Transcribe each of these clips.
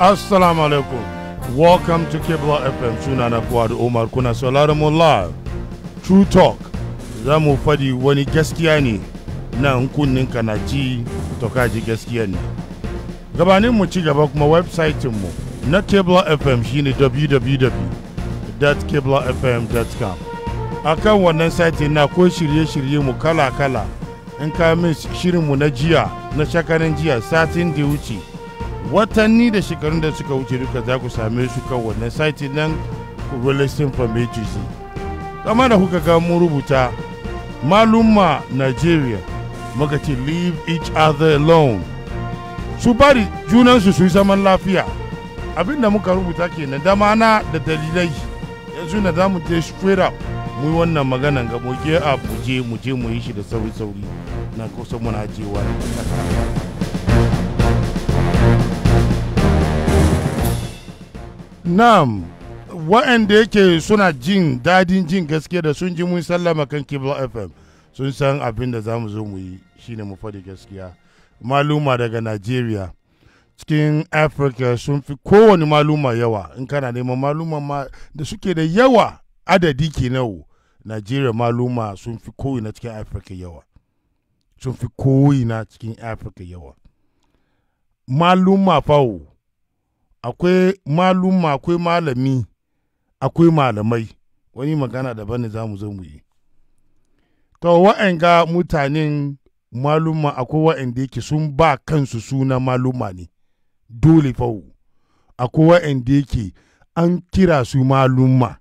Assalamu alaikum. Welcome to Kibla FM sunana Fuad Umar kuna sauraron mu live. True Talk za mu fadi wani gaskiya ne nan kunninka na ji to ka ji gaskiya ne. Gabanin mu ci gaba kuma website mu na Kibla FM shine www.kiblafm.com. Akan wannan site na ko shirye-shirye mu kala-kala in ka min shirin mu na jiya na shakarin jiya satin da wuce. watanni da shekarun da suka wuce duka za ku same su kan wannan site nan releasing from ATC kamar da kuka ga mun rubuta maluma Nigeria muka ce leave each other alone su bari junansu su zaman lafiya abinda muka rubuta ke na dama na da dalilai yanzu na za mu je straight up mu yi wannan magana ga muke a a mu je mu yi shi da sauri-sauri na kusa muna jewa da Na'am, waɗanda yake suna jin dadin jin gaske da sun ji mun sallama kan Kibla FM sun san abin da za mu zo mu yi shine mu faɗi gaskiya. Maluma daga Najeriya cikin Afirka sun fi kowane maluma yawa in kana neman maluma ma da suke da yawa adadi ke nawo Najeriya maluma sun fi kowane cikin Africa yawa. Sun fi cikin Afirka yawa. Maluma fawo akwai malumma akwai malami akwai malamai wani magana daban ne za mu zo mu yi to ga mutanen malumma akwai da yake sun ba kansu suna malumma ne dole fau akwai da yake an kira su malumma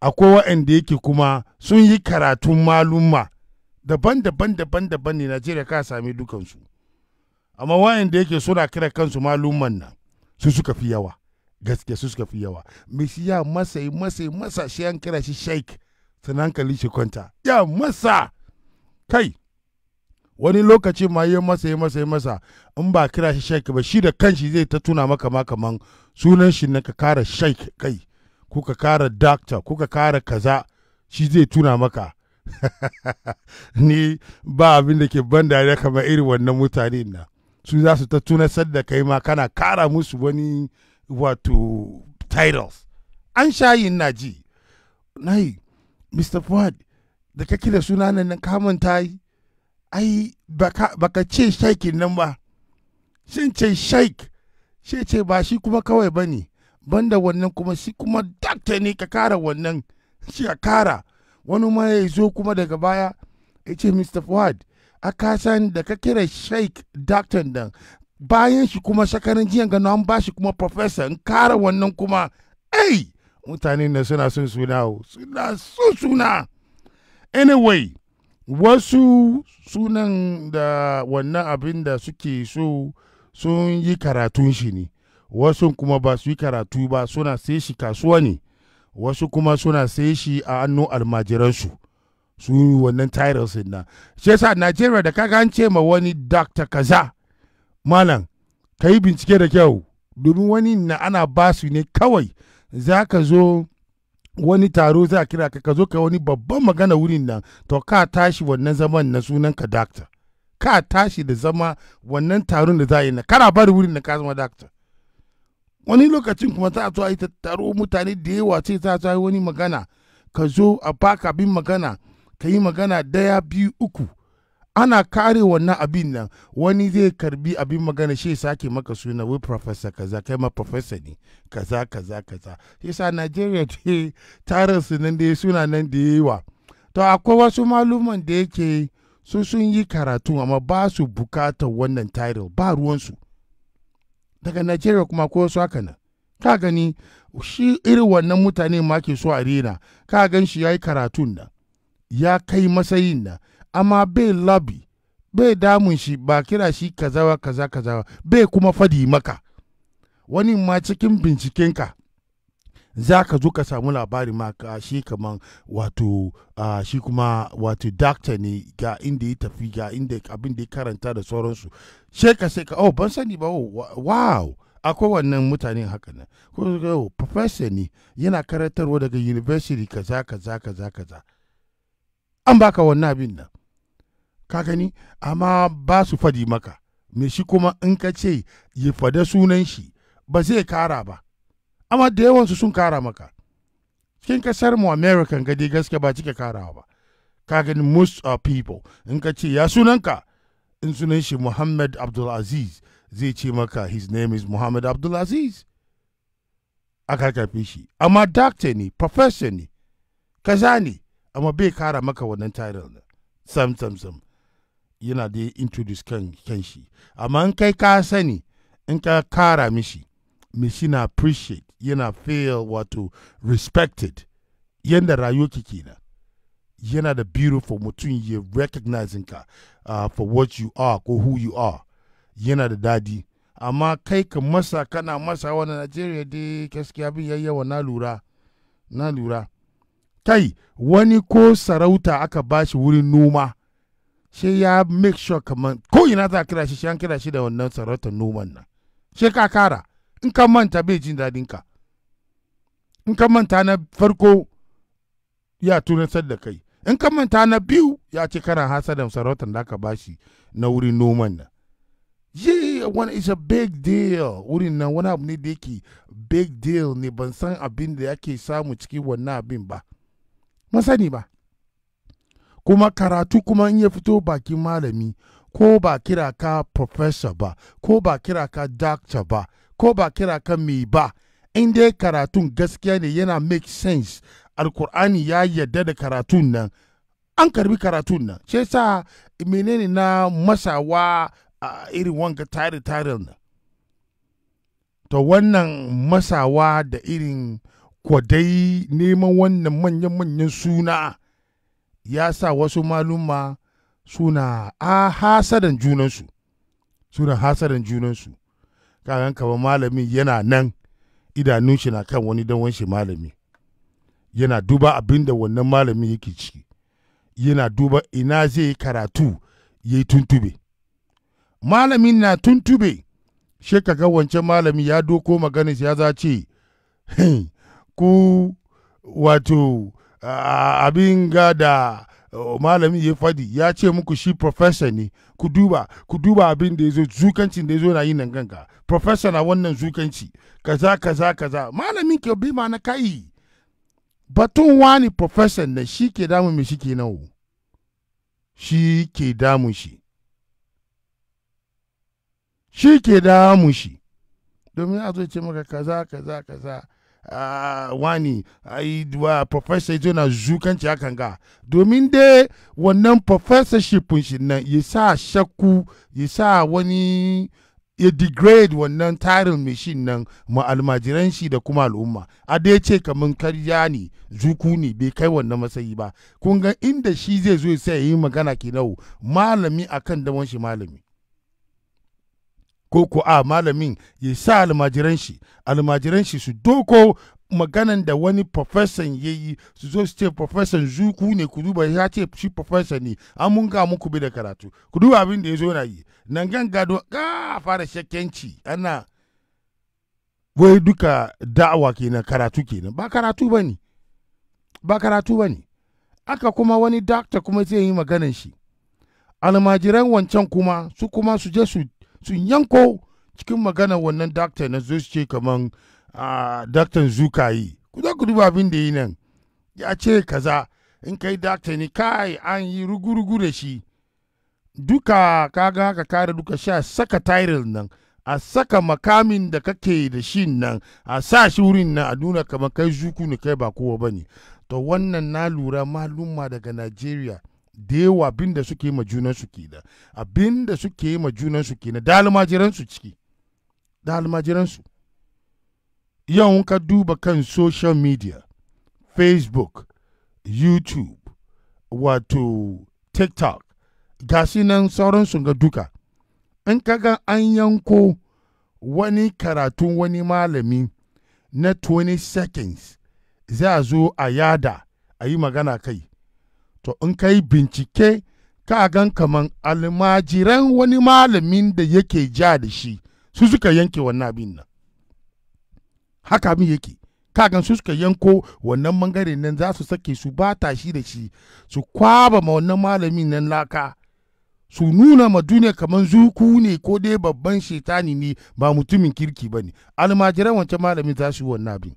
akwai da yake kuma sun yi karatun malumma daban-daban daban-daban ne najeriya ka sami dukansu amma da yake suna kira kansu malumman nan su suka fi yawa gaske su suka fi yawa mai shi ya masa yi masa yi masa shi an kira shi sheik sannan hankali shi kwanta ya masa kai wani lokaci ma yi masa yi masa yi masa in ba kira shi sheik ba shi da kanshi zai ta tuna maka ma kaman sunan shi na ka kara sheik kai ko ka kara doctor ko ka kara kaza shi zai tuna maka ni ba abin da ke ban dariya kamar irin wannan mutane na su za su ta tunasar da kai ma kana kara musu wani wato titles an shayin na ji na yi mr ford da ka kira suna nan kamun ta yi ai baka ce shaikin nan ba shin ce shaik shi ce ba shi kuma kawai ba ne banda wannan kuma shi kuma dakta ne ka kara wannan shi a kara wani ma ya zo kuma daga baya ya ce mr ford a kasan da ka kira sheik doctor nan bayan shi kuma shakarin jiyan gano an ba shi kuma professor in kara wannan kuma ai mutane na suna sun suna suna sun suna anyway wasu sunan da wannan abin da suke so sun yi karatun shi ne wasu kuma ba su yi karatu ba suna sai shi kasuwa ne wasu kuma suna sai shi a hannun almajiransu sun yi wannan titles din nan shi yasa Najeriya da kaga an ce ma wani Dr. Kaza malam ka yi bincike da kyau domin wani na ana ba su ne kawai za ka zo wani taro za kira ka zo ka wani babban magana wurin nan to ka tashi wannan zaman na sunan ka dakta ka tashi da zama wannan taron da za yi na kana bari wurin na ka zama dakta wani lokacin kuma za a zo a yi taro mutane da yawa ce za a wani magana ka zo a baka bin magana ka yi magana daya biyu uku ana kare wannan abin nan wani zai karbi abin magana shi sake maka suna wai professor kaza kai ma professor ne kaza kaza kaza sa Najeriya ce tarin su nan da suna nan da yawa to akwai wasu maluman da yake su sun yi karatu amma ba su bukatar wannan title ba ruwansu daga Najeriya kuma ko wasu haka nan ka gani shi irin wannan mutane ma ke so a rena ka gan shi yayi karatun nan ya kai matsayin na amma bai labi bai damun shi ba kira shi kazawa kaza kazawa bai kuma fadi maka wani ma cikin bincikenka za ka zo ka samu labari ma ka shi kamar wato shi kuma wato dakta ne ga inda ya tafi ga inda abin da ya karanta da sauransu shi ka sai ka oh ban sani ba oh, wow akwai wannan mutane haka nan ko oh, professor ne yana karantarwa daga university kaza kaza kaza kaza an baka wannan abin nan ka gani amma ba su fadi maka me shi kuma in ka ce ya fada sunan shi ba zai kara ba amma da yawansu sun kara maka cikin kasar mu american ga dai gaske ba cike karawa ba ka gani most of people in ka ce ya sunanka in sunan shi muhammad abdulaziz zai ce maka his name is muhammad abdulaziz a karkafin shi amma doctor ne professor ne kaza ne amma bai kara maka wannan title ne sam sam sam yana da introduce kan kanshi shi amma in kai ka sani in ka kara mishi mishi na appreciate yana feel wato respected yanda ke na yana da beautiful mutum ya recognizing ka uh, for what you are ko who you are yana da dadi amma kai ka masa kana masa wani najeriya dai gaskiya bin yayyawa na lura na lura tai wani ko sarauta aka ba shi wurin noma shi ya make sure kaman ko ina za kira shi shi an kira shi da wannan sarautar noman nan shi ka kara in ka manta bai jin daɗin ka in ka manta na farko ya tunasar da kai in ka manta na biyu ya ce kana hasadan sarautar da aka shi na wurin noman nan yeah one is a big deal wurin nan wani abu ne da yake big deal ne ban san abin da yake samu cikin wannan abin ba ban sani ba kuma karatu kuma in ya fito bakin malami ko ba kira ka professor ba ko ba kira ka doctor ba ko ba kira ka mai ba in dai karatun gaskiya ne yana make sense alkur'ani ya yarda da karatun nan an karbi karatun nan sai sa menene na masawa a irin wanga tare tare nan to wannan masawa da irin kwadai neman wannan manyan-manyan suna ya sa wasu maluma suna a hasadan junansu suna hasadan junansu kagan kaba malami yana nan idanun shi na kan wani don shi malami yana duba abin wannan malami yake ciki yana duba ina zai karatu ya yi tuntube malamin na tuntube shi kaga wancan malami ya doko maganis ya ce hey, ku wato abin ga da malamin ya fadi ya ce muku shi professor ne ku duba ku duba abin da ya zo zukancin da ya zo na yi nan ganga professor na wannan zukanci kaza kaza kaza malamin ke bi ma na kai batun wani professor na shi ke damun mai shi ke nawo shi ke damun shi shi ke damun shi domin a zo ce maka kaza kaza kaza wani professor zo na zukanci hakan ga domin dai wannan professorship shi nan ya sa shakku ya sa wani ya degrade wannan tarin mashin nan ma'almajiran shi da kuma al'umma a da ce kamar karya ne zuku ne bai kai wannan matsayi ba kun ga inda shi zai zo sai ya yi magana ke nau malami akan daman shi malami ko ko a malamin ya sa almajiran shi almajiran shi su doko maganan da wani profesan ya yi su zo su ce profesan zuku ne ku duba ya ce shi profesan ne an mun ga muku bi da karatu ku duba abin da ya zo na yi nan gan gado ka fara shakkenci ana wai duka da'awa kenan karatu kenan ba karatu ba ne ba karatu ba ne aka kuma wani dakta kuma zai yi maganan shi almajiran wancan kuma su kuma su je su sun yanko cikin magana wannan dakta na zo ce kaman daktan zukayi ku za ku duba abin da yi nan ya ce kaza in kai dakta ne kai an yi rugurugu da shi duka kaga haka kare duka sha saka title nan a saka makamin da kake da shi nan a sa shi wurin nan a nuna kamar kai zuku ne kai ba kowa ba ne to wannan na lura maluma daga nigeria. da yawa abinda da suke ma junansu kenan abin da suke ma junansu kenan da su ciki da su yau ka duba kan social media facebook youtube wato tiktok ga nan nan sauransu ga duka in ka ga an yanko wani karatun wani malami na 20 seconds za a zo a yada a yi magana kai to in ka yi bincike ka gan kaman almajiran wani malamin da yake ja da shi su suka yanke wannan abin nan haka abin yake ka gan su suka yanko wannan mangare nan za su sake su ta shi da shi su kwaba ma wannan malamin nan laka su nuna ma duniya kaman zuku ne ko dai babban shetani ne ba mutumin kirki ba ne almajiran wancan malamin za su yi wannan abin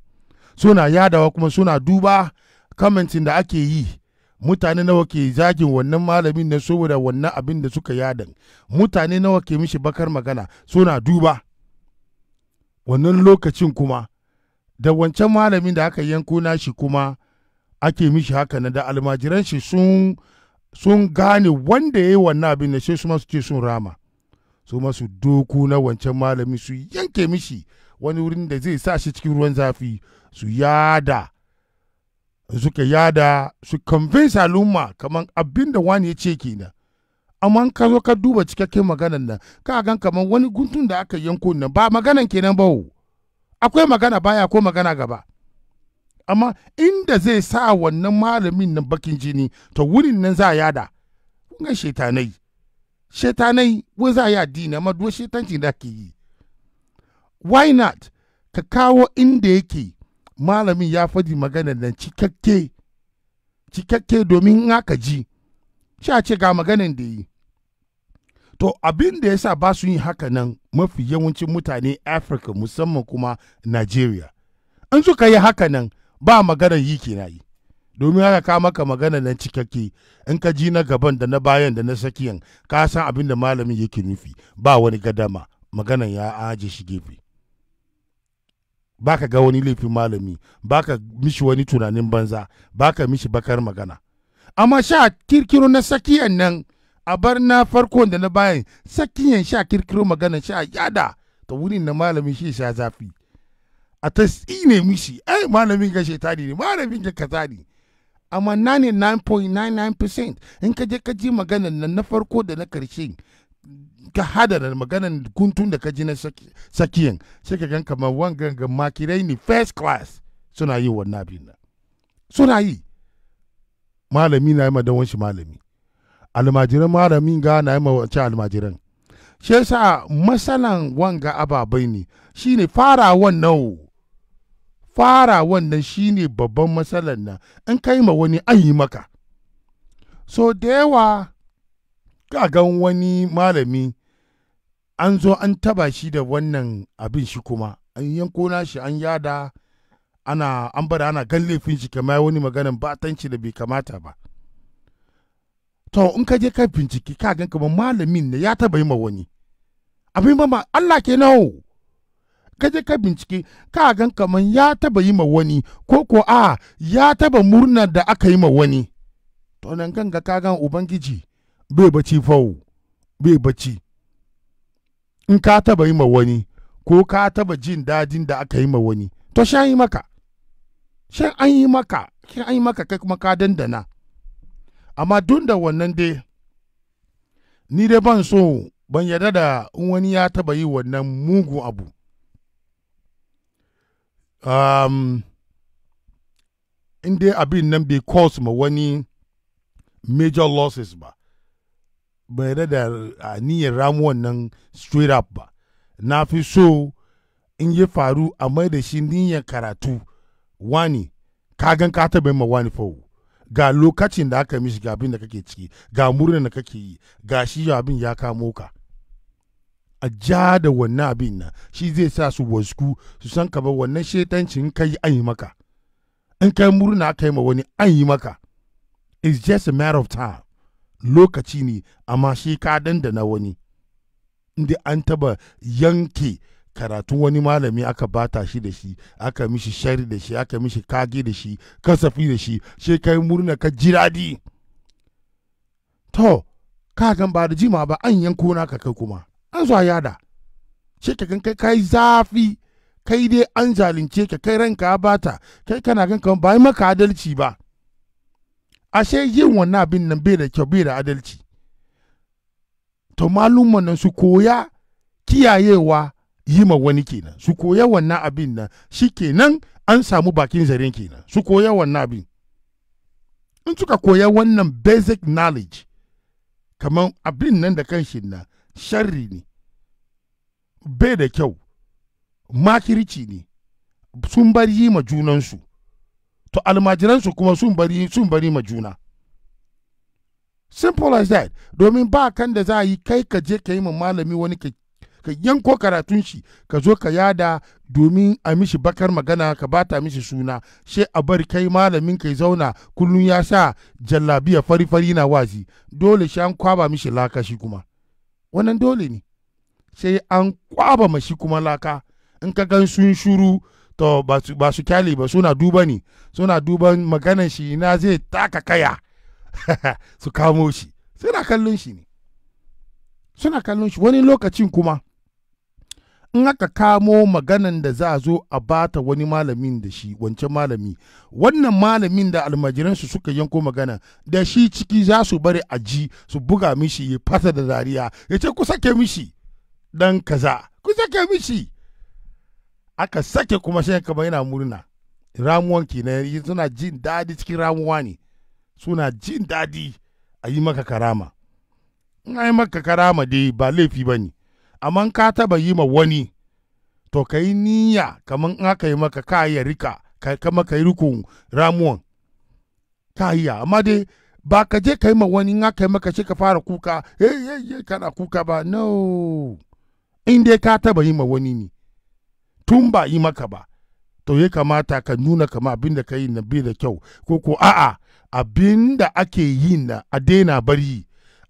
suna yadawa kuma suna duba kamentin da ake yi mutane nawa ke zagin wannan malamin na saboda wannan abin da suka yadan mutane nawa ke mishi bakar magana suna duba wannan lokacin kuma da wancan malamin da aka yanko nashi kuma ake mishi haka na da almajiran shi sun gane wanda ya yi wannan abin da su masu ce sun rama su masu doku na wancan malami su yanke mishi wani wurin da zai sa shi cikin ruwan zafi su yada suka yada su convince al'umma kamar abin da wani ya ce kenan amma ka zo ka duba cikakken maganan nan ka gan kamar wani guntun da aka yanko nan ba maganan kenan ba akwai magana baya ko magana gaba amma inda zai sa wannan malamin nan bakin jini to wurin nan za a yada kun ga shetanai shetanai za a yi addini amma duwa shetanci da ke yi why not ka kawo inda yake malamin ya faɗi magana nan cikakke cikakke domin in aka ji sha ce ga maganar da yi to abin da ya sa ba su yi haka nan mafi yawancin mutane afirka musamman kuma nigeria in suka yi haka nan ba maganar yi ke yi domin haka ka maka magana nan cikakke in ka ji na gaban da na bayan da na sakiyan ka san abin da malamin yake nufi ba wani gadama maganan ya aje shi gefe baka ga wani laifin malami baka mishi wani tunanin banza baka mishi bakar magana amma sha kirkiro na sakiyan nan a bar na farko da na bayan sakiyan sha kirkiro magana sha yada ta wuni na malamin shi sha zafi a ta tsine mishi ai malamin ga shetani ne malamin ga kaza ne amma 9.99% in ka je ka ji maganar nan na farko da na karshe ka hada da maganan guntun da ka ji na sakiyan sai ka gan kamar wangan ga makirai ne first class suna yi wannan abin nan suna yi malami na yi ma wanshi malami almajiran malami ga na yi ma wancan almajiran shi yasa masanan wanga ababai ne shine fara wannan fara wannan shine babban matsalan nan in kai ma wani an yi maka so da yawa ka gan wani malami an zo an taba shi da wannan abin shi kuma an yanko shi an yada ana an bada ana gan laifin shi kamar wani maganin batanci da bai kamata ba to in ka je ka binciki ka gan kamar malamin ne ya taba yi ma wani abin ba Allah ke nawo ka je ka bincike ka gan kamar ya taba yi ma wani ko ko a ya taba murna da aka yi ma wani to nan kan ga ka gan ubangiji bai bacci fawo bai bacci in ka taba yi ma wani ko ka taba jin dadin da aka yi ma wani to shan yi maka shan an yi maka shan an yi maka kai kuma ka dandana amma dun da wannan dai ni dai ban so ban yarda da in wani ya taba yi wannan mugu abu um, in dai abin nan bai cause ma wani major losses ba bai da niyyar ramu wannan straight up ba na fi so in yi faru a mai da shi niyyar karatu wani kagan ka taɓa ma wani fawo ga lokacin da aka mishi ga abin da kake ciki ga murnar da kake yi ga shi abin ya kamo ka a ja da wannan abin na shi zai sa su wasku su san ka ba wannan shetancin kai an yi maka in kai murna aka yi ma wani an yi maka it's just a matter of time lokaci ne amma shi ka dandana wani inda an taba yanke karatu wani malami aka bata shi da shi aka mishi shari da shi aka mishi kage da shi kasafi da shi ka yi murna ka ji daɗi to ka gan ba da jima ba an yanko naka kai kuma an zuwa yada shi ka gan kai kai zafi kai dai an zalunce ka kai ranka bata kai kana gan kan ba maka adalci ba ashe yin wannan abin nan bai da kyau bai da adalci to malumman nan su koya kiyayewa yi ma wani kenan su koya wannan abin nan shi kenan an samu bakin zaren kenan su koya wannan abin in suka koya wannan basic knowledge kamar abin nan da kan shi na sharri ne bai da kyau makirci ne sun bar yi ma junansu to almajiransu kuma sun bari sun bari ma juna simple as that domin ba kan da za a yi kai ka je ka yi ma malami wani ka yanko karatun shi ka zo ka yada domin a mishi bakar magana ka bata mishi suna she a bari kai malamin kai zauna kullum ya sa jallabiya fari fari na wazi dole shi an kwaba mishi laka shi kuma wannan dole ne sai an kwaba mashi kuma laka in ka gan sun shuru to ba su kyale ba suna duba ne suna duban maganan shi na zai taka kaya su kamo shi suna kallon shi ne suna kallon shi wani lokacin kuma in aka kamo maganan da za a zo a bata wani malamin da shi wancan malami wannan malamin da almajiransu suka yanko magana da shi ciki za su bari a ji su buga mishi ya fasa da dariya ya ce ku sake mishi dan kaza ku sake mishi aka sake kuma shi kamar yana murna ramuwan kenan suna jin daɗi cikin ramuwa ne suna jin daɗi a yi maka karama in yi maka karama dai ba laifi ba ne amma ka taba yi ma wani to ka yi niyya kamar in aka yi maka ka yi rika kama ka yi rikon ramuwan ka yi amma dai ba ka je ka yi ma wani in aka yi maka shi ka fara kuka eh, eh eh kana kuka ba no in dai ka taba yi ma wani ne tun ba yi maka ba to ya kamata ka nuna kama abin da ka yi na da kyau ko ko a'a abin da ake yi na a daina bari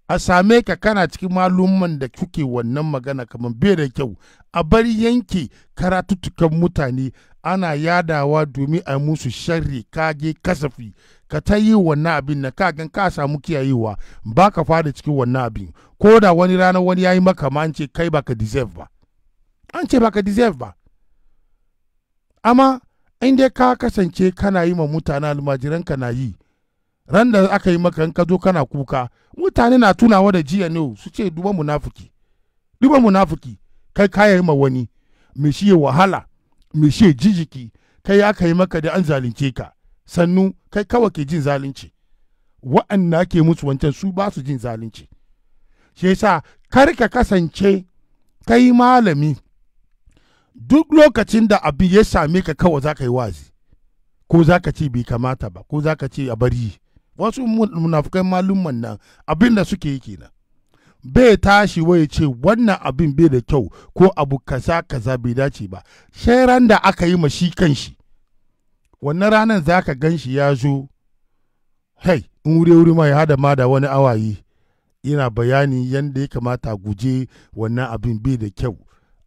a same ka kana cikin malumman da kuke wannan magana kamar bai da kyau a bar yanke karatuttukan mutane ana yadawa domin a musu sharri kage kasafi ka ta yi wannan abin na kagan ka samu kiyayewa ba ka fada cikin wannan abin ko da wani rana wani ya yi maka ma an ce kai baka deserve ba an ce baka deserve ba amma in dai ka kasance kana yi ma mutane almajiran ka na yi ran da aka yi maka in ka zo kana kuka mutane na tunawa da jiya ne su ce duba munafuki duba munafiki kai ka yi ma wani me shi wahala me shi jijiki kai aka yi maka da an zalunce ka sannu kai kawai ke jin zalunci wa'anda ke musu wancan su ba su jin zalunci shi yasa kar ka kasance kai malami duk lokacin da abin ya same ka kawai za ka yi wazi ko za ka ce bai kamata ba ko za ka ce a bari wasu munafukan malumman nan abin da suke yi kenan bai tashi wai ce wannan abin bai da kyau ko abu kaza kaza bai dace ba ran da aka yi ma shi kan shi wannan ranar za ka gan shi ya zo hey in wuri wuri ma ya hada ma da wani awayi yana bayani yadda ya kamata guje wannan abin bai da kyau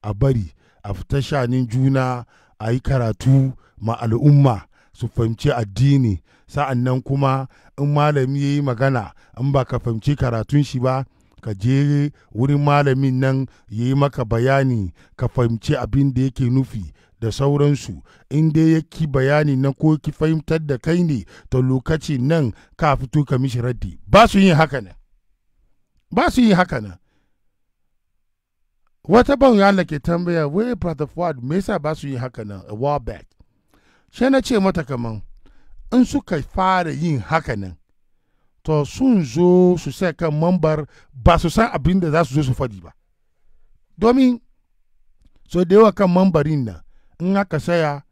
a bari a fita shanin juna a yi karatu ma al'umma su fahimci addini sa'an nan kuma in malami ya yi magana in ba ka fahimci karatun shi ba ka je wurin malamin nan ya yi maka bayani ka fahimci abin da yake nufi da sauransu in dai yake bayani na ko ki fahimtar da kai ne ta lokacin nan ka fito ka mishi raddi ba su yin haka nan ba su yin haka nan wata ban yana ke tambaya wey brother ford me yasa ba su yi haka nan a while back sai na ce mata kaman in suka fara yin haka nan to sun zo su sai kan mambar ba su san abin da za su zo su faɗi ba domin so da yawa kan mambarin nan in aka saya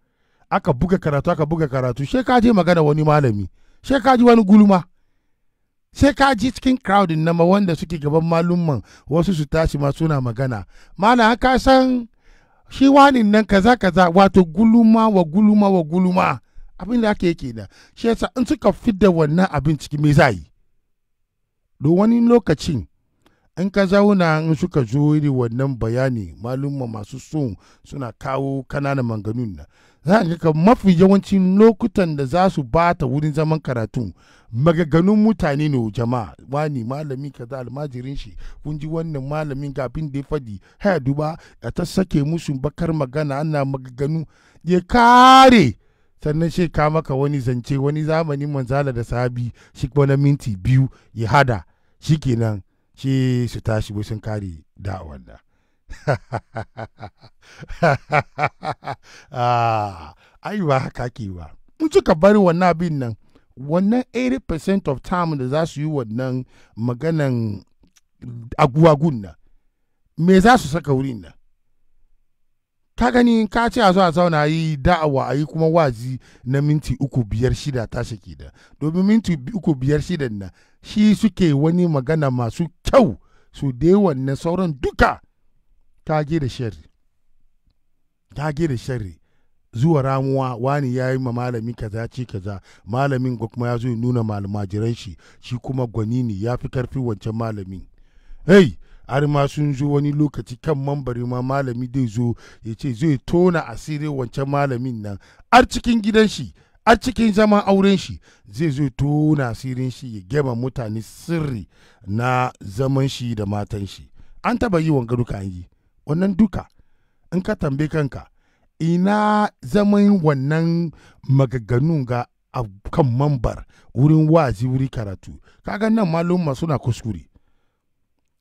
aka buga karatu aka buga karatu sai ka je magana wani malami sai ka wani gulma sai ka ji cikin crowdin na wanda suke gaban malumman wasu su tashi ma suna magana mana ka san shi wani nan kaza kaza wato guluma wa guluma wa guluma abin da ake yake da shi yasa in suka fidda wannan abin ciki me za yi wani lokacin in ka zauna in suka zo iri wannan bayani malumma masu son suna kawo kananan manganun na za a ga mafi yawancin lokutan da za su bata wurin zaman karatu magaganun mutane ne jama'a wani malami kaza almajirin shi kun ji wannan malamin gafin da ya fadi haya duba a ta sake musu bakar magana ana magaganu ya kare sannan shi ka maka wani zance wani zamani manzala da sabi shi wani minti biyu ya hada shikenan shi su tashi sun kare da ah, ai ba haka ke ba in suka bari wannan abin nan wannan 80% of time da za su yi wannan maganan aguwagun nan me za su saka wurin nan ka gani ka ce a zo a zauna yi da'awa a yi kuma wazi na minti uku biyar shida ta shaki da domin minti uku biyar shida na shi suke wani magana masu kyau su dai wannan sauran duka ge da shari ge da shari zuwa ramuwa wani ya yi ma malami kaza ce kaza malamin kuma ya zo nuna malamajiran shi shi kuma gwani ne ya fi karfi wancan malamin hey har ma sun zo wani lokaci kan mambari ma malami dai zo ya ce zai tona asirin wancan malamin nan har cikin gidan shi har cikin zaman auren shi zai zo tona asirin shi ya gama mutane sirri na zaman shi da matan shi an taba yi wanga duka an yi wannan duka in ka tambe kanka ina zaman wannan magaganun ga a kan mambar wurin wazi wuri karatu kaga nan ma suna kuskure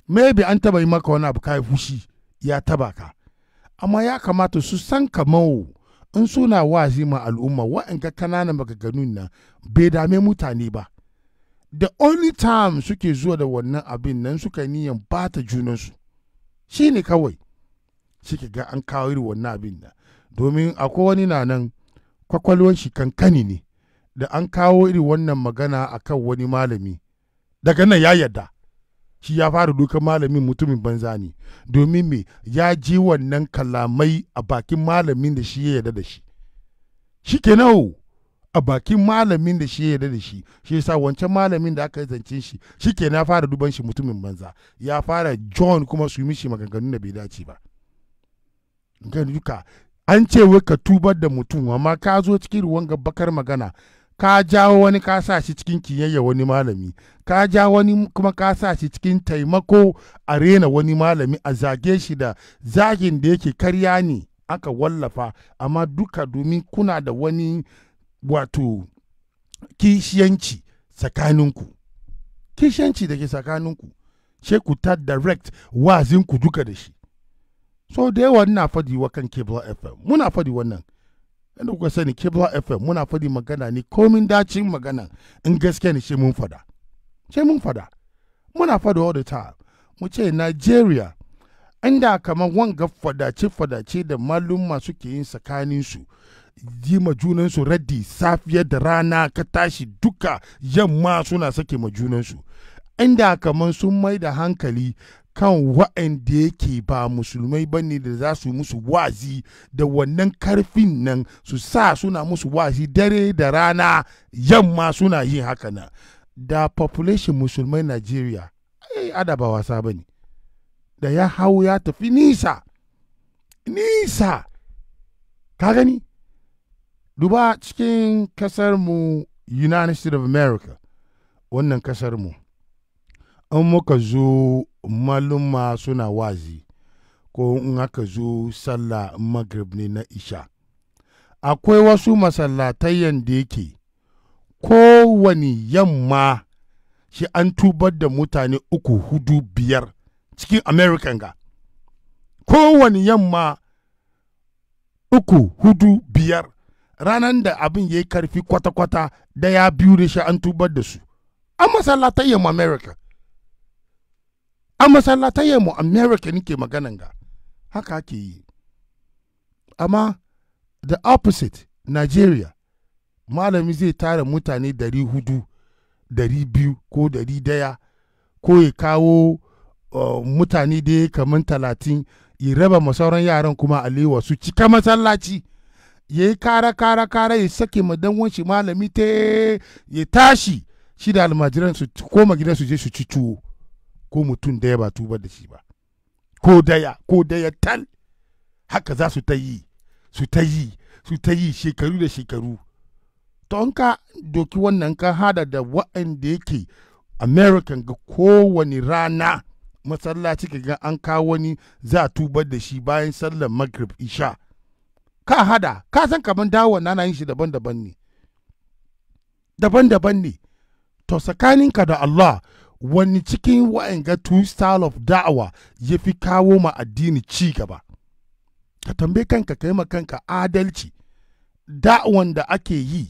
maybe an taba yi maka wani abu kai fushi ya taba ka amma ya kamata su san kamau in suna wazi ma al'umma wa'anka kananan maganganun nan bai dame mutane ba the only time suke zuwa da wannan abin nan suka niyan bata junansu shi ne kawai suke ga an kawo irin wannan abin nan domin akwai wani na nan kwakwalwan shi kankani ne da an kawo iri wannan magana akan wani malami daga nan ya yarda shi ya fara dokar malamin mutumin banza ne domin me ya ji wannan kalamai a bakin malamin da shi ya yarda da shi shi nawo a bakin malamin da shi ya yarda da shi shi yasa wancan malamin da aka zance shi shi ke ya fara duban shi mutumin banza ya fara john kuma su yi mishi maganganun da bai dace ba duka an ce wai ka tubar da mutum amma ka zo cikin ruwan bakar magana ka jawo wani ka sa shi cikin kiyayya wani malami ka ja wani kuma ka sa shi cikin taimako a rena wani malami a zage shi da zagin da yake karya ne aka wallafa amma duka domin kuna da wani wato kishiyanci tsakaninku kishiyanci da ke tsakaninku she ku ta direct wazinku duka da shi so da yawa ina fadi wa kan cable fm muna fadi wannan yadda kuka sani kebla fm muna faɗi magana ne komin dacin magana in gaskiya ne shi mun fada shi fada muna fada all the time mu ce nigeria inda kamar wanga fadace-fadace da malumma suke yin tsakaninsu yi ma junansu raddi safiya da rana ka tashi duka yamma suna sake ma junansu inda kamar sun mai da hankali kan wa'anda yake ba musulmai ba ne da za su musu wazi da wannan karfin nan su sa suna musu wazi dare da rana yamma suna yin haka na da population musulmai nigeria ai ada ba wasa ba ne da ya hau ya tafi nisa nisa ka gani duba cikin kasar mu united states of america wannan kasar mu in muka zo malumma suna wazi ko in aka zo sallah magrib ne na isha akwai wasu masallatayyan da yake kowane yamma shi an tubar da mutane uku hudu biyar cikin american ga kowane yamma uku hudu biyar ranar da abin ya yi karfi kwata-kwata da ya biyu da shi an tubar da su an masallatayyan america a masallatai mu america nike maganan ga haka ake yi amma the opposite nigeria malami zai tara mutane dari hudu dari biyu ko dari daya ko ya kawo uh, mutane da kamar talatin ya raba masauran yaran kuma alewa su cika masallaci ya yi kara kara kara ya sake madanwan shi malami ta ya tashi shi da almajiran su koma gidan su je su ci tuwo ko mutum daya ba tuba da shi ba ko daya ko daya tal haka za su ta yi su ta yi su ta yi shekaru da shekaru to an ka doki wannan kan hada da wa'anda yake american ga kowane rana masallaci ga an kawo wani za tubar da shi bayan sallar maghrib isha ka hada ka san kamar dawo na yin shi daban-daban ne daban-daban ne to tsakaninka da Allah wani cikin wa'anga two style of da'awa ya fi kawo ma addini ci gaba ka tambe kanka ka yi ma kanka adalci da'awan da ake yi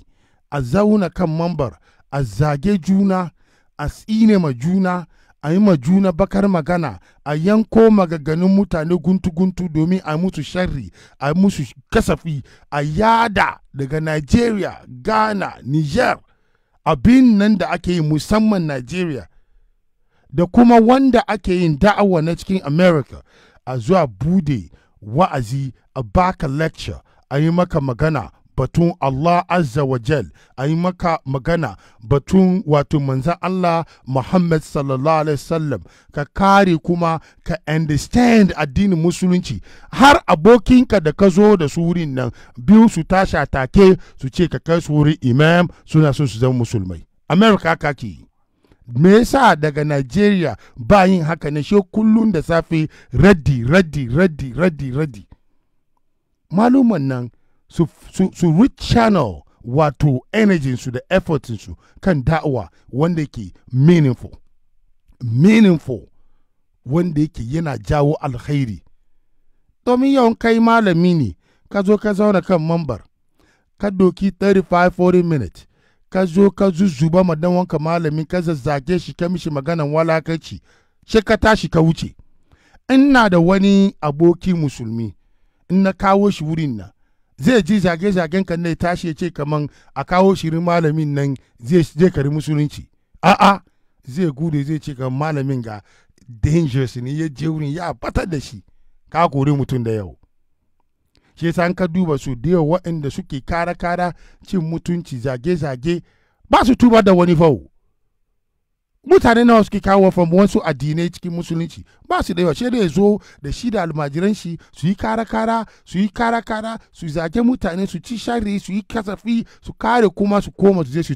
a zauna kan mambar a zage juna a tsine ma juna a yi ma juna bakar magana a yanko magaganin mutane guntu-guntu domin a musu sharri a musu kasafi a yada daga nigeria ghana niger abin nan da ake yi musamman nigeria da kuma wanda ake yin da'awa na cikin america a zuwa bude wa'azi a baka lecture a yi maka magana batun Allah azza wa jal a yi maka magana batun wato manzan Allah Muhammad sallallahu alaihi wasallam ka kare kuma ka understand addinin musulunci har abokinka da ka zo da su wurin nan biyu su tasha take su ce ka kai su wurin imam suna son su zama musulmai America kake yi me yasa daga Najeriya ba yin haka na shi kullum da safe raddi raddi raddi raddi raddi maluman nan su, su, su channel wato energy su da su kan da'awa wanda yake meaningful meaningful wanda yake yana jawo alkhairi domin yawan kai malami ne ka zo ka zauna kan mambar ka doki 35-40 minutes ka zo ka zuzzuba ma dan wanka malami ka zazzage shi ka mishi maganan walakaci shi ka tashi ka wuce ina da wani aboki musulmi in na kawo shi wurin nan zai ji zage-zagen kan ne tashi ya ce kaman a kawo shirin malamin nan zai kari musulunci a'a zai gude zai ce kaman malamin ga dangerous ne ya je wurin ya batar da shi ka kori mutum da yau shi yasa an ka duba su da yawa waɗanda suke kara kara cin mutunci zage zage ba su tuba da wani fau mutane nawa suke kawo from wasu addinai cikin musulunci ba su da yawa shi da ya zo da shi da almajiran shi su yi kara kara su yi kara kara su zage mutane su ci shari su yi kasafi su kare kuma su koma su je su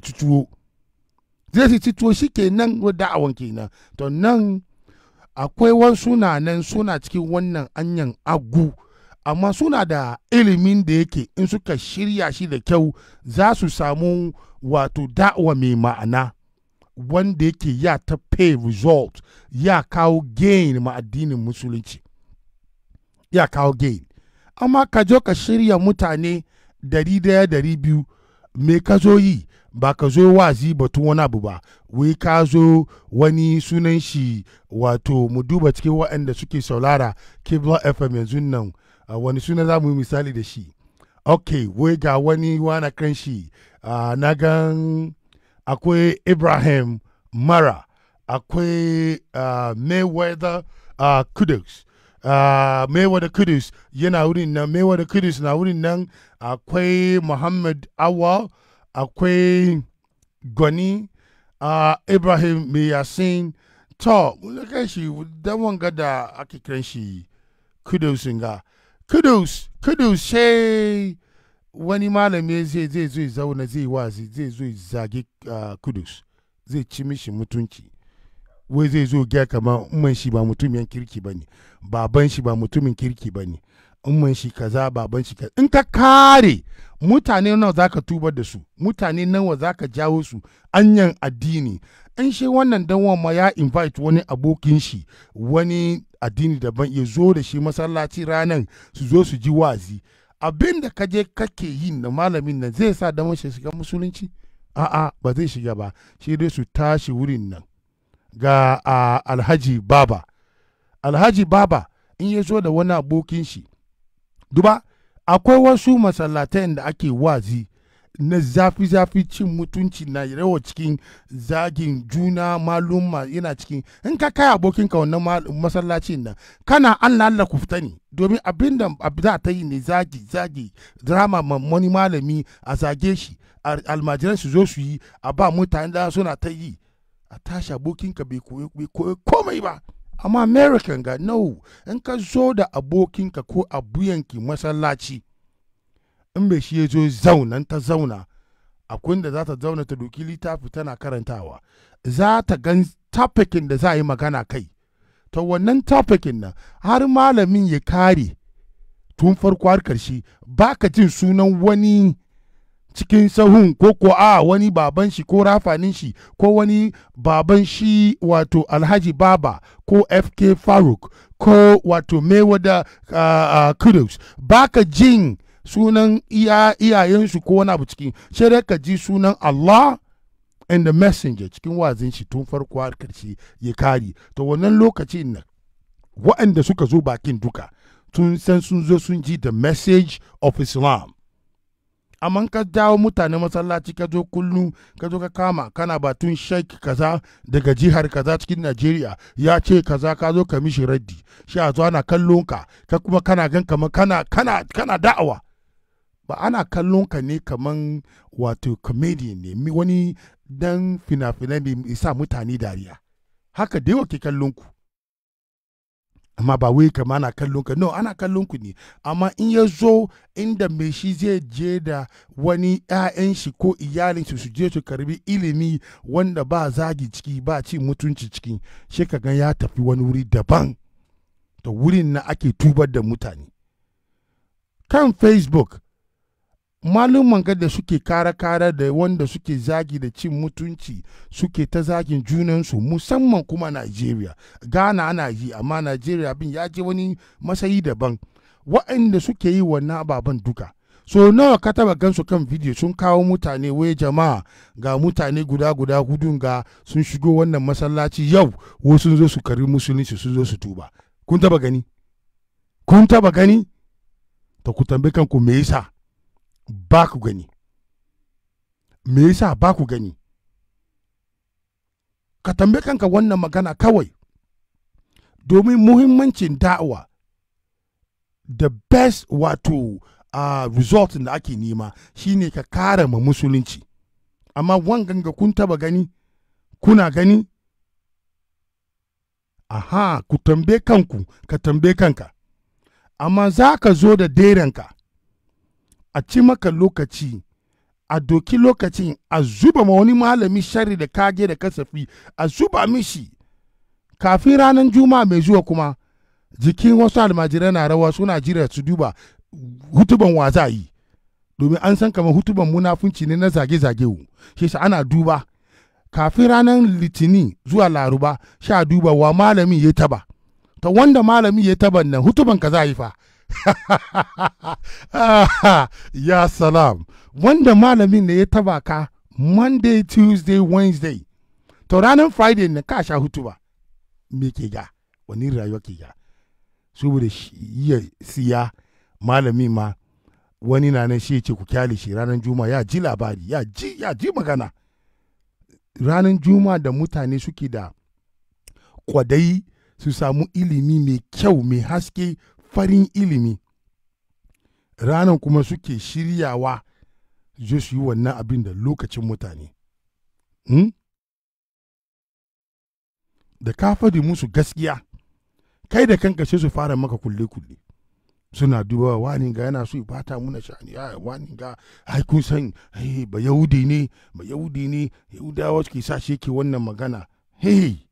zai su tuwo shi kenan da'awan na to nan akwai wasu na nan suna cikin wannan anyan agu amma suna da ilimin da yake in suka shirya shi da kyau za su samu wato da'awa mai ma'ana wanda yake ya ta pay result ya kawo gain ma addinin musulunci ya kawo gain amma ka zo ka shirya mutane dari daya dari biyu me ka zo yi ba ka zo wazi batun wani abu ba wai ka zo wani sunan shi wato mu duba cikin waɗanda suke saulara kibla fm yanzu nan A ah, wani suna za mu yi misali da shi ok wai ga wani wana kan shi uh, na gan akwai ibrahim mara akwai uh, mayweather uh, kudus uh, mayweather kudus yana wurin nan mayweather kudus na wurin nan akwai muhammad Awa. akwai Goni uh, ibrahim mai yasin to kan shi damon gada ake kan shi kudus ga kudus kudus sai wani malami zai zai zo zauna zai wazi zai zo zage kudus zai ci mishi mutunci wai zai zo gya kama umman shi ba mutumin kirki ba ne baban shi ba mutumin kirki ba ne umman shi kaza baban shi kaza in ka kare mutane nawa za ka tubar da su mutane nawa za ka jawo su anyan addini in shi wannan danwa ma ya invite wani abokin shi wani addini daban ya zo da shi masallaci ranar su zo su ji wazi abin da ka je kake yi na malamin nan zai sa damar shi shiga musulunci a'a ba zai shiga ba shi dai su tashi wurin nan ga alhaji baba alhaji baba in ya zo da wani abokin shi duba akwai wasu masallatai da ake wazi na zafi-zafi cin mutunci na yawa cikin zagin juna maluma yana cikin in ka kai abokinka wannan masallacin nan kana allah allah ku fita ne domin abin da za ta yi ne zagi zagi drama wani malami a zage shi almajiran su zo su yi a ba mutane da suna ta yi a tashi abokinka bai koyi komai ba amma american ga no in ka zo da abokinka ko abuyanki masallaci in bai shi ya zo zauna ta zauna akwai da za ta zauna ta doki littafi tana karantawa za ta gan topicin da za a yi magana kai ta wannan topicin nan har malamin ya kare tun farko har karshe ba ka jin sunan wani cikin sahun ko ko a wani baban shi ko rafanin shi ko wani baban shi wato alhaji baba ko fk faruk ko wato mewada uh, uh, kudus baka jin sunan iyayensu ko wani abu cikin sai ka ji sunan Allah and the messenger cikin wazin shi tun farko har karshe ya kare to wannan lokaci na waɗanda suka zo bakin duka tun san sun zo sun ji the message of Islam amma ka dawo mutane masallaci ka zo kullu ka zo ka kama kana batun sheik kaza daga jihar kaza cikin najeriya ya ce kaza ka zo ka mishi raddi shi a zo ana kallon ka ka kuma kana gan kama kana kana kana da'awa ba ana kallon ka ne kaman wato comedian ne wani dan fina-finai ne sa mutane dariya haka da yawa ke kallon ku amma ba wai kama ana kallon ka no ana kallon ku ne amma in ya zo inda mai shi zai je da wani 'ya'yan shi ko iyalin su je su karbi ilimi wanda ba zagi ciki ba ci mutunci ciki shi ka ya tafi wani wuri daban ta wurin na ake tubar da mutane kan facebook malumman da suke kara-kara da wanda suke zagi da cin mutunci suke ta zagin junansu musamman kuma nigeria Ghana ana yi amma nigeria bin ya je wani masayi daban waanda suke yi wannan baban duka so nawa ka taba gansu kan video sun kawo mutane wai jama'a ga mutane guda guda gudun ga sun shigo wannan masallaci yau wasu sun zo su kari musulunci sun zo su tuba kun taba gani kun taba gani ta ku tambayi kanku me yasa ba ku gani me yasa ba ku gani ka tambe kanka wannan magana kawai domin muhimmancin da'awa the best wato uh, result da ake nema shine ka kara ma musulunci amma wangan ga kun taba gani kuna gani aha ku tambe kanku ka tambe kanka amma za ka zo da derenka a ci maka lokaci a doki lokacin a zuba ma wani malami shari da kage da kasafi a zuba mishi kafin ranar juma mai zuwa kuma jikin wasu almajirai na rawa suna jira su duba hutuban wa za yi domin an san kamar hutuban munafunci ne na zage-zage shi ana duba kafin ranar litini zuwa laruba sha duba wa malami ya taba ta wanda malami ya taba nan hutuban ka za yi fa ya salam wanda malamin da ya taba ka monday tuesday wednesday to ranar friday na ka sha hutu ba me ke ga wani rayuwa ke ga saboda iya siya malami ma wani na nan shi ce ku kyale shi ranar juma ya ji labari ya ji ya ji magana ranar juma da mutane suke da kwadayi su samu ilimi mai kyau mai haske farin ilimi ranan kuma suke shiryawa je su yi wannan abin da lokacin mutane hmm? da ka faɗi musu gaskiya kai da kanka sai su fara maka kulle-kulle suna duba wani ga yana so bata muna sha'ani ya wani ga ai san eh, ba yahudi ne ba yahudi ne yahudawa suke sa shi wannan magana hey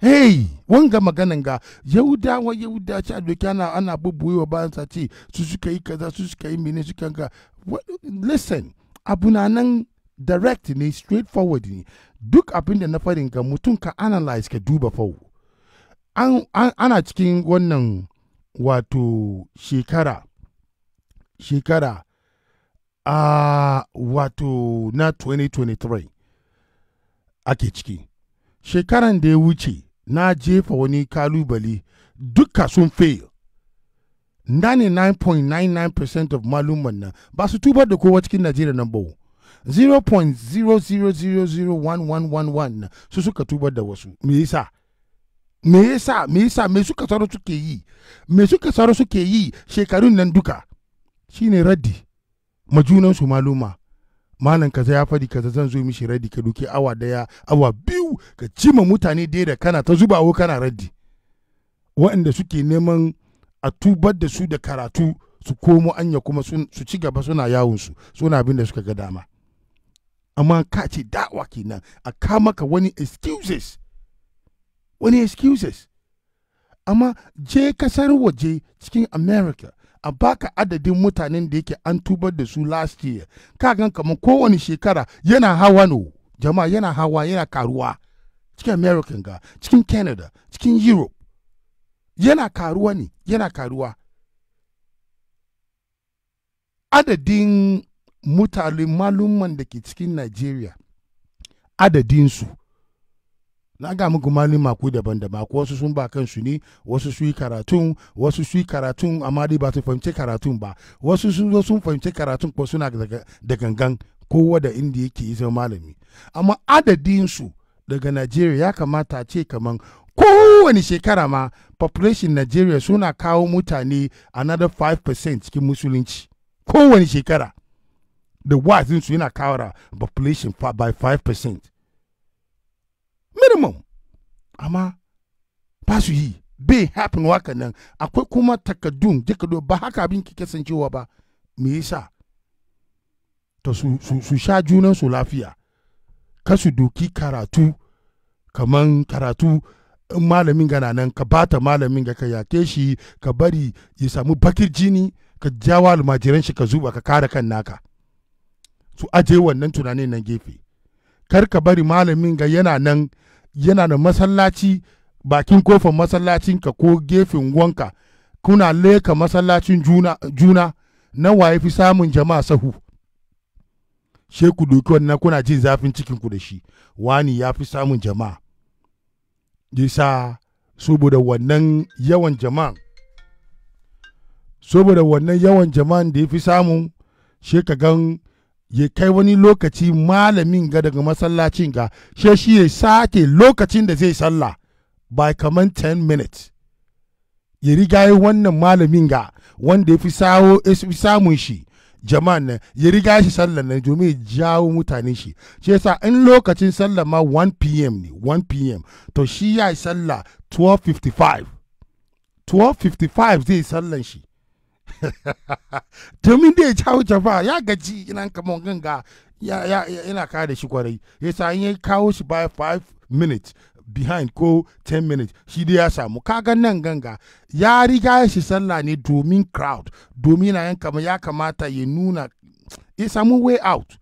hey wanga maganan ga yahudawa yahuda ci a doki ana ana wa bayan sa ce su suka yi kaza su suka yi mene suka ga listen abu na nan direct ne straightforward ne duk abinda na farin ga mutum ka analyze ka duba fau ana cikin wannan wato shekara shekara a wato na 2023 ake ciki shekaran da ya wuce na jefa wani kalubale duka sun fail 99.99% of maluman nan ba su tubar da kowa cikin najeriya nan ba 0.00001111 su suka tubar da wasu me yasa me yasa me yasa me suka tsaro suke yi me suka tsaro suke yi shekarun nan duka shine raddi ma junansu maluma malam kaza ya faɗi kaza zan zo mishi raddi ka duki awa daya awa biyu ka cima mutane dai da kana ta zuba wo kana raddi waɗanda suke neman a tubar da su da karatu su komo anya kuma su ci gaba suna yawon su suna abin da suka ga dama amma ka ce da'awa kenan a ka maka wani excuses wani excuses amma je kasar waje cikin america a baka adadin mutanen da yake an tubar da su last year ka gan kamar kowane shekara yana hawa no jama'a yana hawa yana karuwa cikin american ga cikin canada cikin europe yana karuwa ne yana karuwa adadin mutane malumman da ke cikin nigeria adadinsu na ga muku malin maku daban-daban ko wasu sun ba kansu ne wasu su yi karatun wasu su yi karatun amma dai ba su fahimci karatun ba wasu sun zo sun fahimci karatun ko suna da gangan kowa da inda yake zama malami amma su daga Najeriya ya kamata ce kaman kowane shekara ma population Najeriya suna kawo mutane another 5% cikin musulunci kowane shekara da su yana kawo population by 5%. minimum amma ba su yi bai happen waka nan akwai kuma takaddun jikado ba haka abin san cewa ba me yasa to su, su, su sha junan su lafiya ka su doki karatu kaman karatu malamin gana nan ka bata malamin ga ka yake shi ka bari ya samu bakir jini ka jawa almajiran shi ka zuba ka kare kan naka su aje wannan tunanin nan gefe kar ka bari malamin ga yana nan yana da masallaci bakin kofar masallacinka ko gefen wanka kuna leka masallacin juna, juna na waye fi samun jama'a sahu sheku doki wannan kuna jin zafin cikin ku da shi wani ya fi samun jama'a yasa saboda wannan yawan jama'a saboda wannan yawan jama'an da ya fi samun shekagan ya kai wani lokaci malamin ga daga masallacin ga shi shi ya sake lokacin da zai sallah by kaman 10 minutes ya riga yi wannan malamin ga wanda ya fi samun shi jama'an nan ya riga shi sallar na domin ya jawo mutane shi shi yasa in lokacin sallar ma 1 pm ne 1 pm to shi ya yi sallah 12:55 12:55 zai sallar shi domin da ya cawo Jafa ya gaji ina kamar ganga ya ya ina da shi kwarai yasa in ya kawo shi by 5 minutes behind ko 10 minutes shi dai ya samu kaga nan ganga ya riga shi sallah ne domin crowd domin na kama ya kamata ya nuna ya samu way out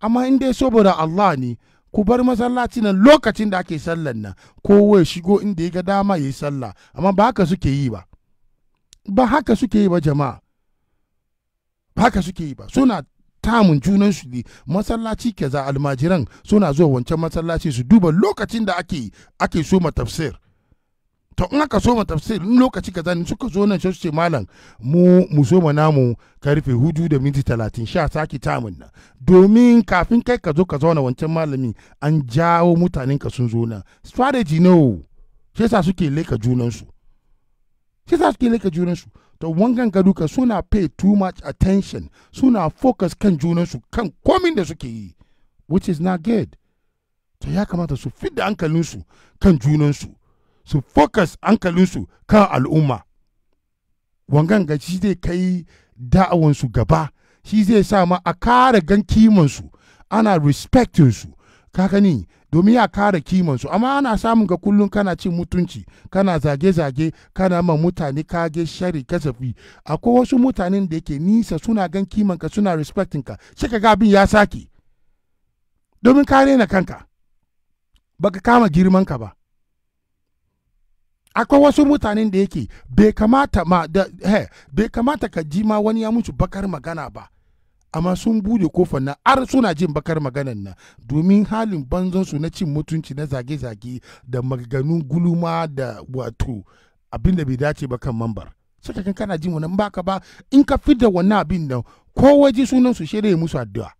amma in dai saboda Allah ne ku bar masallaci nan lokacin da ake sallan nan ko wai shigo inda ya ga dama ya yi sallah amma ba haka suke yi ba ba haka suke yi ba jama'a ba haka suke yi ba suna tamun junansu ne masallaci za almajiran suna zuwa wancan masallaci su duba lokacin da ake ake so ma tafsir to in aka so ma tafsir in lokaci ka zani suka zo nan sai su ce malam mu mu so ma namu karfe hudu da minti talatin sha saki tamun nan domin kafin kai ka zo ka zauna wancan malami an jawo mutanen ka sun zo nan strategy no shi yasa suke leka junansu shi za su ke leka junansu to wangan gaduka suna pay too much attention suna focus kan junansu kan komin da suke yi which is not good to ya kamata su fit da hankalinsu kan junansu su focus hankalinsu kan al'umma wangan ga shi zai kai da'awansu gaba shi zai sa ma a kara gan kimansu ana respectinsu ka gani domin ya kare kimansu amma ana samun ga kullum kana cin mutunci kana zage-zage kana ma mutane kage shari kasafi akwai wasu mutanen da yake nisa suna gan kimanka suna respecting ka ka ga abin ya sake domin ka na kanka baka kama girmanka ba akwai wasu mutanen da yake bai kamata bai kamata ka ji ma wani ya mutu bakar magana ba amma sun bude kofar na har suna jin bakar maganan nan domin halin banzan su na cin mutunci na zage-zage da maganganun guluma da wato abin da bai dace ba kan mambar saka kan kana jin wannan baka ba in ka fidda wannan abin nan ko waje sunan su shede musu addu'a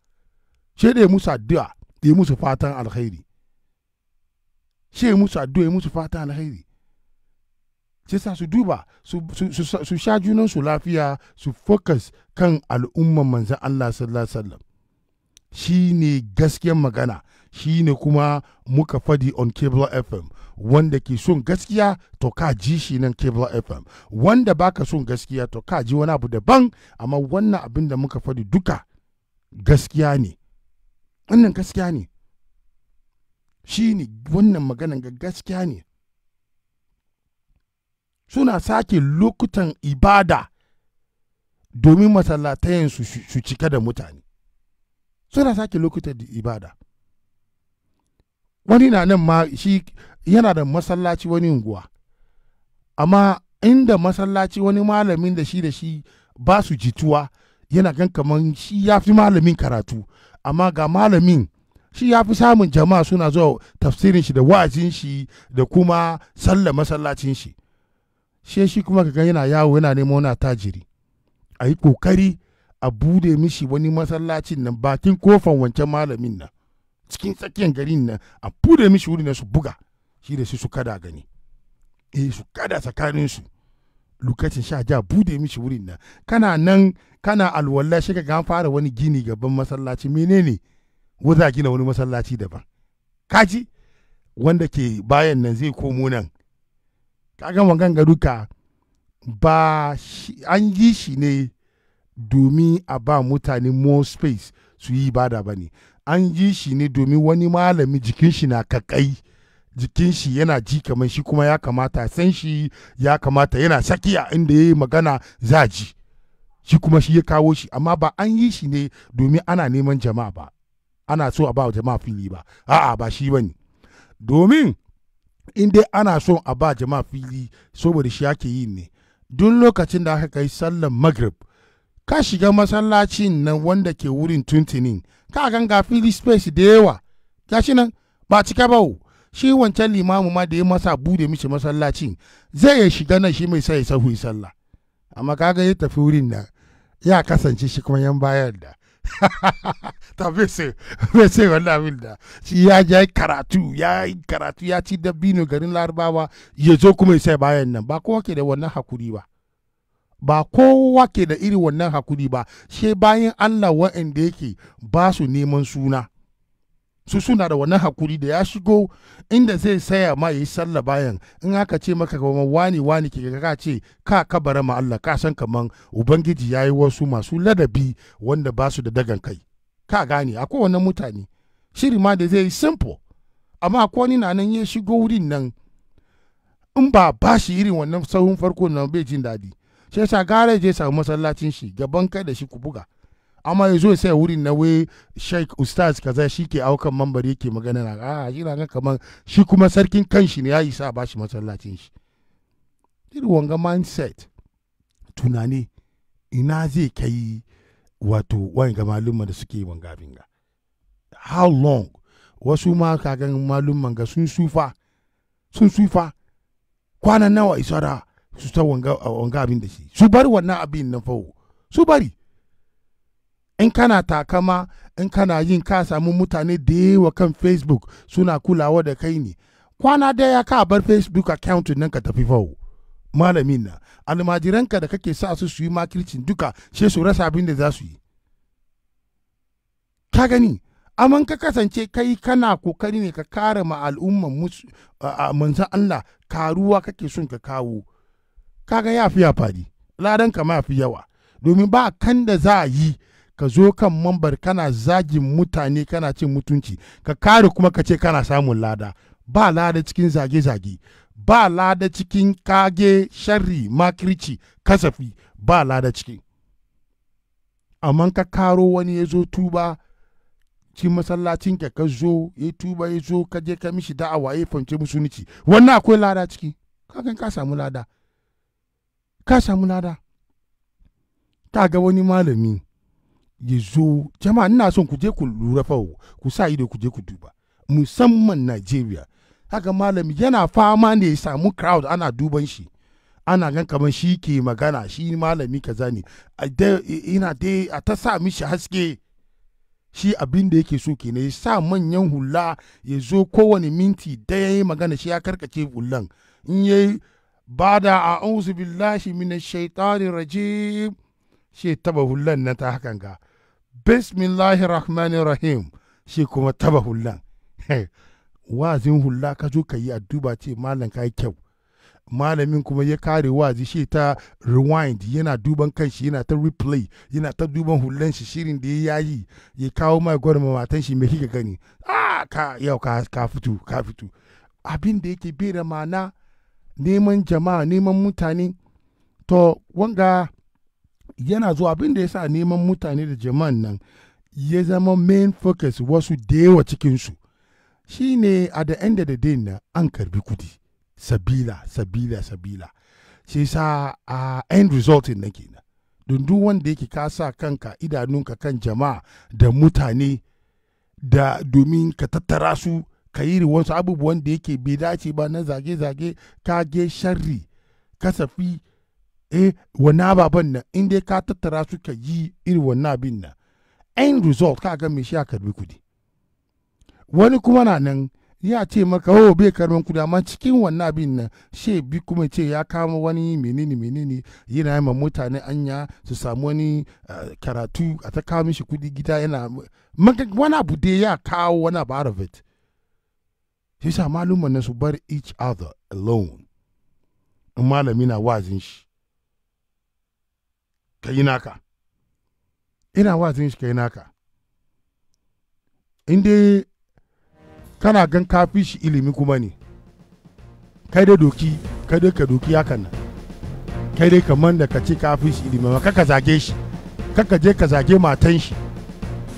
shede musu addu'a da musu fatan alkhairi shede musu addu'a musu fatan alkhairi sai sa su duba su sha junan su lafiya su focus kan al'umman manzan Allah sallallahu alaihi wasallam shi ne gaskiyar magana shi ne kuma muka fadi on cable fm wanda ke son gaskiya to ka ji shi nan cable fm wanda baka son gaskiya to ka ji wani abu daban amma wannan abin da muka fadi duka gaskiya ne wannan gaskiya ne shi ne wannan maganan ga gaskiya ne suna sake lokutan ibada domin masallatayen su cika da mutane suna sake lokutan ibada wani na nan ma shi yana da masallaci wani unguwa amma inda masallaci wani malamin da shi da shi ba su jituwa yana gan kamar shi ya fi malamin karatu amma ga malamin shi ya fi samun jama'a suna zuwa tafsirin shi da wa'azin shi da kuma sallah masallacin shi she shi kuma ka ga yana yawo yana neman wani tajiri a yi kokari a bude mishi wani masallacin nan bakin kofan wancan malamin nan cikin tsakiyar garin nan a bude mishi wuri na su buga shi da su kada gani eh su kada tsakanin su lokacin sha ja bude mishi wurin nan kana nan kana alwala shi ka fara wani gini gaban masallaci menene ko gina wani masallaci daban kaji wanda ke bayan nan zai komo nan kaga maganga duka ba an yi shi ne domin a ba mutane more space su yi bada ba ne an yi shi ne domin wani malami jikin shi na kakai jikin shi yana ji kamar shi kuma ya kamata san shi ya kamata yana sakiya inda ya yi magana za ji shi kuma shi ya kawo shi amma ba an yi shi ne domin ana neman jama'a ba ana so a ba jama'a fili ba a'a ba shi ba ne domin in dai ana son a ba jama'a fili saboda shi ake yi ne duk lokacin da aka kai sallar maghrib ka shiga masallacin nan wanda ke wurin tuntunin ka ganga fili space da yawa shi nan ba cika ba shi wancan limamu ma da ya masa bude mishi masallacin zai ya shiga nan shi mai sai sahu sallah amma kaga ya tafi wurin da ya kasance shi kuma yan bayar da ta fese fese wannan abin da shi ya ja karatu ya yi karatu ya ci dabino garin larabawa ya zo kuma sai bayan nan ba kowa ke da wannan hakuri ba ba kowa ke da irin wannan hakuri ba shi bayan allah wa'anda yake ba su neman suna su suna da wannan hakuri da ya shigo inda zai saya ma yi sallah bayan in aka ce maka kamar wani wani ke ka ce ka kabara ma Allah ka san kaman ubangiji ya yi wasu masu ladabi wanda ba su da dagan kai ka gane akwai wannan mutane shiri ma da zai yi simple amma akwai wani na nan ya shigo wurin nan in ba ba shi irin wannan sahun farko nan bai jin daɗi sai sa gara je samu masallacin shi gaban kai da shi ku buga amma yanzu ya sai wurin na wai sheikh ustaz kaza shi ke aukan mambari yake magana na a ah, shi ranar kamar shi kuma sarkin kanshi ne ya isa ba bashi masallacin shi iri wanga mindset tunani ina zai kai wato ga malumma da suke wanga binga how long wasu ma kagan malumman ga sun sufa sun sufa kwanan nawa isara su ta wanga abin da shi su bari wannan abin na fawo su bari in kana takama in kana yin ka samu mutane da yawa kan facebook suna kulawa da kai ne kwana daya ka bar facebook account nan ka tafi fawo malamin na almajiranka da kake sa su su yi makircin duka she su rasa abin da za su yi ka gani aman ka kasance kai kana kokari ne ka kare ma al'umman manzan Allah karuwa kake son ka kawo kaga ya fi ya fadi ladan ka ma fi yawa domin ba kan da za a yi ka zo kan mambar kana zagin mutane kana cin mutunci ka kare kuma ka ce kana samun lada ba lada cikin zage-zage ba lada cikin kage sharri makirci kasafi ba lada cikin amma ka karo wani ya zo tuba cikin masallacin ka ka zo ya tuba ya zo ka je ka mishi da'awa ya fance musulunci wannan akwai lada ciki kakan ka samu lada ka samu lada ta ga wani malami ya zo jama'a ina son ku je ku lura fa ku sa ido ku je ku duba musamman Najeriya haka malami yana fama ne ya samu crowd ana duban shi ana gan kamar shi ke magana shi malami kaza ne ina dai a ta sa mishi haske shi abin da yake so ne ya sa manyan hula ya zo kowane minti da ya magana shi ya karkace hulan in ya ba da a auzu billahi minash shaitani rajim shi taba hulan na ta hakan ga bismillahir rahmanir rahim shi kuma taba hullan wazin hulla ka zo ka yi addu'a ce malam ka yi kyau malamin kuma ya kare wazi shi ta rewind yana duban kanshi yana ta replay yana ta duban hullan shi shirin da ya yi ya kawo mai gwarma matan shi mai kika gani aa yau ka fito ka fito abin da yake bai da ma'ana neman jama'a neman mutane to wanga yana zuwa abin da ya sa neman mutane da jama'an nan ya zama main focus wasu da yawa cikinsu shi ne a da end of the day na an karbi kudi sabila sabila sabila shi sa a uh, end result na kenan don duk wanda yake ka sa kanka idanunka kan jama'a da mutane da domin ka tattara su ka yi wasu abubuwan da yake bai dace ba na zage-zage ka ge sharri kasafi eh wannan ababen nan in dai ka tattara su ka yi iri wannan abin nan end result ka ga mai shi ya karbi kudi wani kuma na nan ya ce maka oh bai karban kudi amma cikin wannan abin nan she bi kuma ce ya kama wani menene menene yana ma mutane anya su samu wani eh, karatu a ta kawo mishi kudi gida yana wani abu dai ya kawo wani abu out of it shi sa su bar each other alone in malami na wazin shi ka yi naka ina wazin shi ka yi naka in dai kana gan kafi shi ilimi kuma ne kai dai doki kai dai ka doki hakan nan kai dai kamar da ka ce kafi shi ilimi ma kaka zage shi kaka je ka zage matan shi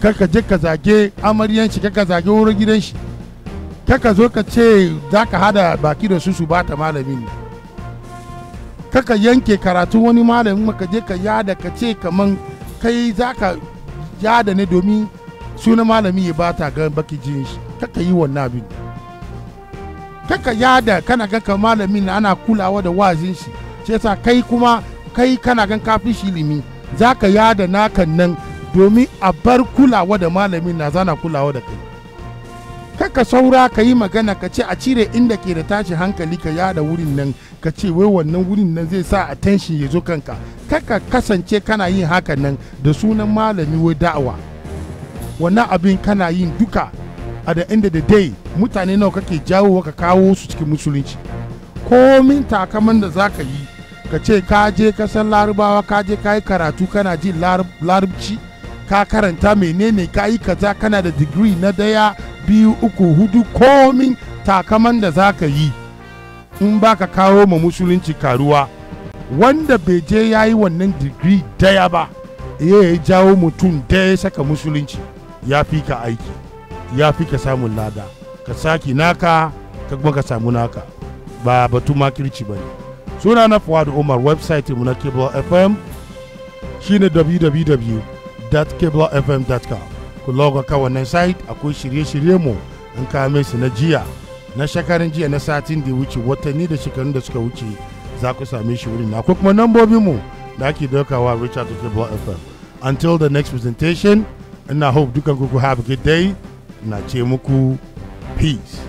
kaka je ka zage amaryan shi kaka zage wurin gidan shi kaka zo ka ce za ka hada baki da su su ba ta malamin ne kaka yanke karatu wani malamin maka je ka yada ka ce kaman kai za ka yada ne domin suna malami ya bata ga baki jin shi kaka yi wannan abin kaka yada kana ga ka malamin na ana kulawa da wazin shi shi sa kai kuma kai kana gan kafi shi limi za ka yada naka nan domin a bar kulawa da malamin na zana kulawa da kai kaka saura ka yi magana ka ce a cire inda ke da tashi hankali ka yada wurin nan ka ce wai wannan wurin nan zai sa attention ya zo kanka kaka kasance kana yin hakan nan da sunan malami wai da'awa wannan abin kana yin duka a da inda da dai mutane nawa kake jawo ka kawo su cikin musulunci komin takaman da za ka yi ka ce ka je kasan larabawa ka je ka yi karatu kana jin larabci ka karanta menene ka yi kaza kana da digiri na daya biyu uku hudu komin takaman da za ka yi in ba ka kawo ma musulunci karuwa wanda bai je ya yi wannan digiri daya ba ya yi jawo mutum daya saka musulunci ya fi ka aiki ya fi ka samun lada ka saki naka ka kuma ka samu naka ba batu makirci ba ne suna na fuwa umar website mu na cable fm shine www.cablefm.com ku logo ka wannan site akwai shirye-shirye mu in kame su na jiya na shekarun jiya na satin da wuce watanni da shekarun da suka wuce za ku same shi wurin na kuma kuma mu da ake daukawa Richard Football FM. Until the next presentation, ina hope dukan ku have a good day. Na ce muku peace.